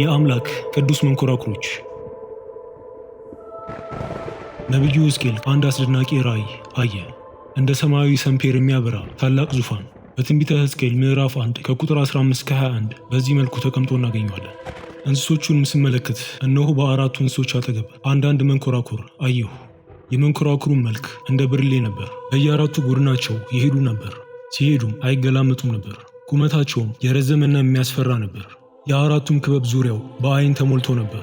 የአምላክ ቅዱስ መንኮራኩሮች ነቢዩ ሕዝቅኤል አንድ አስደናቂ ራእይ አየ። እንደ ሰማያዊ ሰምፔር የሚያበራ ታላቅ ዙፋን በትንቢተ ሕዝቅኤል ምዕራፍ 1 ከቁጥር 15 ከ21 በዚህ መልኩ ተቀምጦ እናገኘዋለን። እንስሶቹንም ስመለከት እነሆ በአራቱ እንስሶች አጠገብ አንዳንድ መንኮራኩር አየሁ። የመንኮራኩሩም መልክ እንደ ብርሌ ነበር። በየአራቱ ጎድናቸው ይሄዱ ነበር፣ ሲሄዱም አይገላመጡም ነበር። ቁመታቸውም የረዘመና የሚያስፈራ ነበር። የአራቱም ክበብ ዙሪያው በአይን ተሞልቶ ነበር።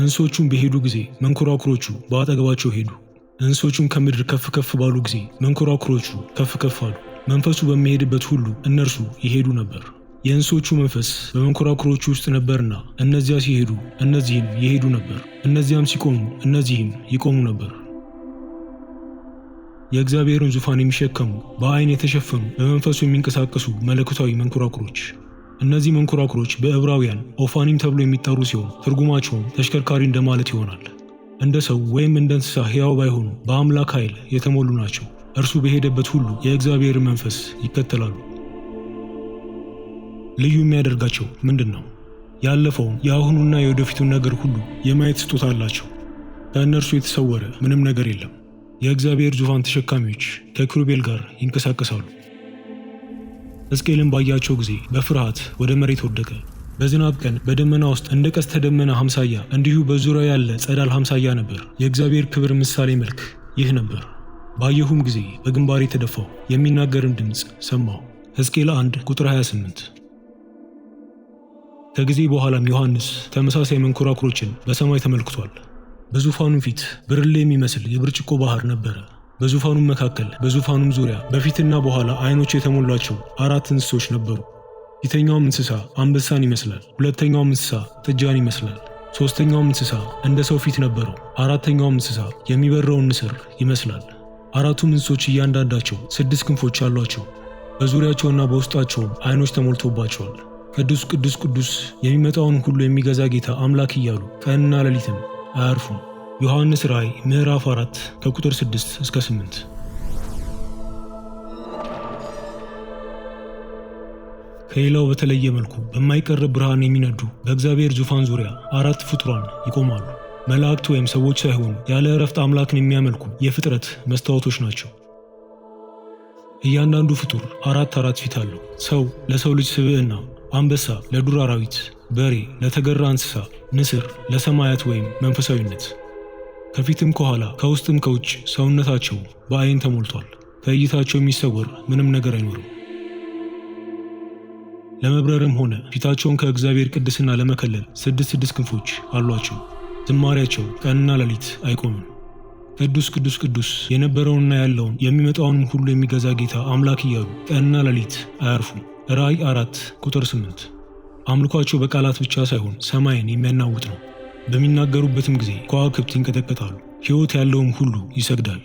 እንስሶቹም በሄዱ ጊዜ መንኮራኩሮቹ በአጠገባቸው ሄዱ። እንስሶቹም ከምድር ከፍ ከፍ ባሉ ጊዜ መንኮራኩሮቹ ከፍ ከፍ አሉ። መንፈሱ በሚሄድበት ሁሉ እነርሱ ይሄዱ ነበር። የእንስሶቹ መንፈስ በመንኮራኩሮቹ ውስጥ ነበርና እነዚያ ሲሄዱ እነዚህም ይሄዱ ነበር፣ እነዚያም ሲቆሙ እነዚህም ይቆሙ ነበር። የእግዚአብሔርን ዙፋን የሚሸከሙ በአይን የተሸፈኑ በመንፈሱ የሚንቀሳቀሱ መለኮታዊ መንኮራኩሮች እነዚህ መንኮራኩሮች በዕብራውያን ኦፋኒም ተብሎ የሚጠሩ ሲሆን ትርጉማቸውም ተሽከርካሪ እንደማለት ይሆናል። እንደ ሰው ወይም እንደ እንስሳ ሕያው ባይሆኑ በአምላክ ኃይል የተሞሉ ናቸው። እርሱ በሄደበት ሁሉ የእግዚአብሔር መንፈስ ይከተላሉ። ልዩ የሚያደርጋቸው ምንድን ነው? ያለፈውን የአሁኑና የወደፊቱን ነገር ሁሉ የማየት ስጦታ አላቸው። ከእነርሱ የተሰወረ ምንም ነገር የለም። የእግዚአብሔር ዙፋን ተሸካሚዎች ከኪሩቤል ጋር ይንቀሳቀሳሉ። ሕዝቅኤልም ባያቸው ጊዜ በፍርሃት ወደ መሬት ወደቀ። በዝናብ ቀን በደመና ውስጥ እንደ ቀስተ ደመና ሀምሳያ እንዲሁ በዙሪያው ያለ ጸዳል ሀምሳያ ነበር። የእግዚአብሔር ክብር ምሳሌ መልክ ይህ ነበር። ባየሁም ጊዜ በግንባሬ ተደፋው፣ የሚናገርም ድምፅ ሰማሁ። ሕዝቅኤል 1 ቁጥር 28 ከጊዜ በኋላም ዮሐንስ ተመሳሳይ መንኮራኩሮችን በሰማይ ተመልክቷል። በዙፋኑ ፊት ብርሌ የሚመስል የብርጭቆ ባህር ነበረ። በዙፋኑም መካከል በዙፋኑም ዙሪያ በፊትና በኋላ ዓይኖች የተሞሏቸው አራት እንስሶች ነበሩ። ፊተኛውም እንስሳ አንበሳን ይመስላል። ሁለተኛውም እንስሳ ጥጃን ይመስላል። ሦስተኛውም እንስሳ እንደ ሰው ፊት ነበረው። አራተኛውም እንስሳ የሚበረውን ንስር ይመስላል። አራቱም እንስሶች እያንዳንዳቸው ስድስት ክንፎች አሏቸው። በዙሪያቸውና በውስጣቸውም ዓይኖች ተሞልቶባቸዋል። ቅዱስ ቅዱስ ቅዱስ የሚመጣውን ሁሉ የሚገዛ ጌታ አምላክ እያሉ ቀንና ሌሊትም አያርፉም። ዮሐንስ ራእይ ምዕራፍ 4 ከቁጥር 6 እስከ 8። ከሌላው በተለየ መልኩ በማይቀርብ ብርሃን የሚነዱ በእግዚአብሔር ዙፋን ዙሪያ አራት ፍጡራን ይቆማሉ። መላእክት ወይም ሰዎች ሳይሆኑ ያለ እረፍት አምላክን የሚያመልኩ የፍጥረት መስታወቶች ናቸው። እያንዳንዱ ፍጡር አራት አራት ፊት አለው። ሰው ለሰው ልጅ ስብዕና፣ አንበሳ ለዱር አራዊት፣ በሬ ለተገራ እንስሳ፣ ንስር ለሰማያት ወይም መንፈሳዊነት ከፊትም ከኋላ ከውስጥም ከውጭ ሰውነታቸው በአይን ተሞልቷል። ከእይታቸው የሚሰወር ምንም ነገር አይኖርም። ለመብረርም ሆነ ፊታቸውን ከእግዚአብሔር ቅድስና ለመከለል ስድስት ስድስት ክንፎች አሏቸው። ዝማሪያቸው ቀንና ሌሊት አይቆምም። ቅዱስ ቅዱስ ቅዱስ የነበረውንና ያለውን የሚመጣውንም ሁሉ የሚገዛ ጌታ አምላክ እያሉ ቀንና ሌሊት አያርፉ። ራእይ አራት ቁጥር ስምንት አምልኳቸው በቃላት ብቻ ሳይሆን ሰማይን የሚያናውጥ ነው። በሚናገሩበትም ጊዜ ከዋክብት ይንቀጠቀጣሉ፣ ሕይወት ያለውም ሁሉ ይሰግዳል።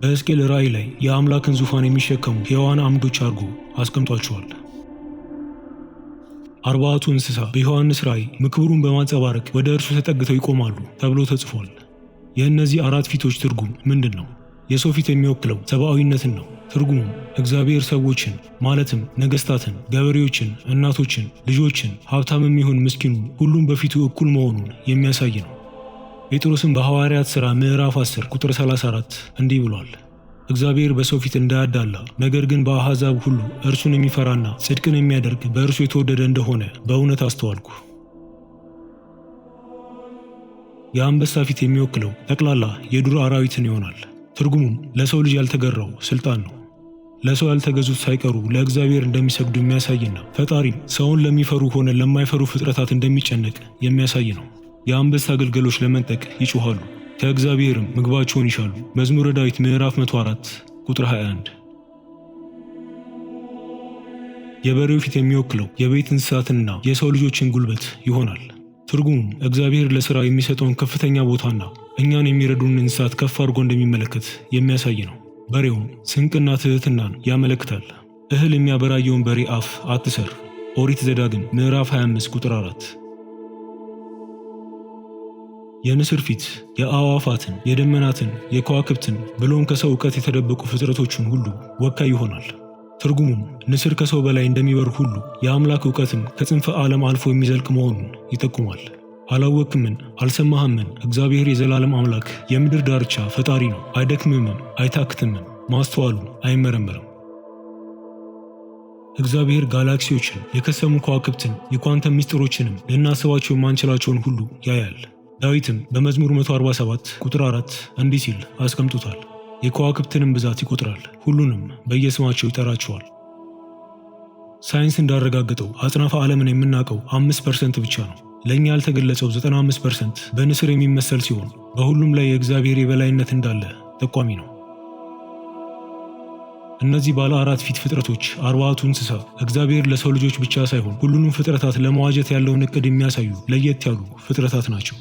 በሕዝቅኤል ራእይ ላይ የአምላክን ዙፋን የሚሸከሙ የዋና አምዶች አድርጎ አስቀምጧቸዋል። አርባዕቱ እንስሳ በዮሐንስ ራእይ ምክብሩን በማንጸባረቅ ወደ እርሱ ተጠግተው ይቆማሉ ተብሎ ተጽፏል። የእነዚህ አራት ፊቶች ትርጉም ምንድን ነው? የሰው ፊት የሚወክለው ሰብአዊነትን ነው። ትርጉሙም እግዚአብሔር ሰዎችን ማለትም ነገስታትን ገበሬዎችን፣ እናቶችን፣ ልጆችን፣ ሀብታም የሚሆን ምስኪኑ ሁሉም በፊቱ እኩል መሆኑን የሚያሳይ ነው። ጴጥሮስም በሐዋርያት ሥራ ምዕራፍ 10 ቁጥር 34 እንዲህ ብሏል። እግዚአብሔር በሰው ፊት እንዳያዳላ ነገር ግን በአሕዛብ ሁሉ እርሱን የሚፈራና ጽድቅን የሚያደርግ በእርሱ የተወደደ እንደሆነ በእውነት አስተዋልኩ። የአንበሳ ፊት የሚወክለው ጠቅላላ የዱር አራዊትን ይሆናል። ትርጉሙም ለሰው ልጅ ያልተገራው ስልጣን ነው። ለሰው ያልተገዙት ሳይቀሩ ለእግዚአብሔር እንደሚሰግዱ የሚያሳይና ፈጣሪም ሰውን ለሚፈሩ ሆነ ለማይፈሩ ፍጥረታት እንደሚጨነቅ የሚያሳይ ነው። የአንበሳ ግልገሎች ለመንጠቅ ይጩኋሉ ከእግዚአብሔርም ምግባቸውን ይሻሉ። መዝሙረ ዳዊት ምዕራፍ 14 ቁጥር 21። የበሬው ፊት የሚወክለው የቤት እንስሳትንና የሰው ልጆችን ጉልበት ይሆናል። ትርጉሙም እግዚአብሔር ለሥራ የሚሰጠውን ከፍተኛ ቦታና እኛን የሚረዱን እንስሳት ከፍ አድርጎ እንደሚመለከት የሚያሳይ ነው። በሬውም ስንቅና ትህትናን ያመለክታል። እህል የሚያበራየውን በሬ አፍ አትሰር። ኦሪት ዘዳግም ምዕራፍ 25 ቁጥር 4። የንስር ፊት የአዕዋፋትን፣ የደመናትን፣ የከዋክብትን ብሎም ከሰው እውቀት የተደበቁ ፍጥረቶችን ሁሉ ወካይ ይሆናል። ትርጉሙም ንስር ከሰው በላይ እንደሚበር ሁሉ የአምላክ እውቀትም ከጽንፈ ዓለም አልፎ የሚዘልቅ መሆኑን ይጠቁማል። አላወቅምን? አልሰማህምን? እግዚአብሔር የዘላለም አምላክ የምድር ዳርቻ ፈጣሪ ነው። አይደክምምም፣ አይታክትምም፣ ማስተዋሉ አይመረመርም። እግዚአብሔር ጋላክሲዎችን፣ የከሰሙ ከዋክብትን፣ የኳንተም ምስጢሮችንም ልናስባቸው የማንችላቸውን ሁሉ ያያል። ዳዊትም በመዝሙር 147 ቁጥር 4 እንዲህ ሲል አስቀምጦታል። የከዋክብትንም ብዛት ይቆጥራል፣ ሁሉንም በየስማቸው ይጠራቸዋል። ሳይንስ እንዳረጋገጠው አጽናፈ ዓለምን የምናውቀው አምስት ፐርሰንት ብቻ ነው። ለእኛ ያልተገለጸው 95 ፐርሰንት በንስር የሚመሰል ሲሆን በሁሉም ላይ የእግዚአብሔር የበላይነት እንዳለ ጠቋሚ ነው። እነዚህ ባለ አራት ፊት ፍጥረቶች አርባዕቱ እንስሳ እግዚአብሔር ለሰው ልጆች ብቻ ሳይሆን ሁሉንም ፍጥረታት ለመዋጀት ያለውን እቅድ የሚያሳዩ ለየት ያሉ ፍጥረታት ናቸው።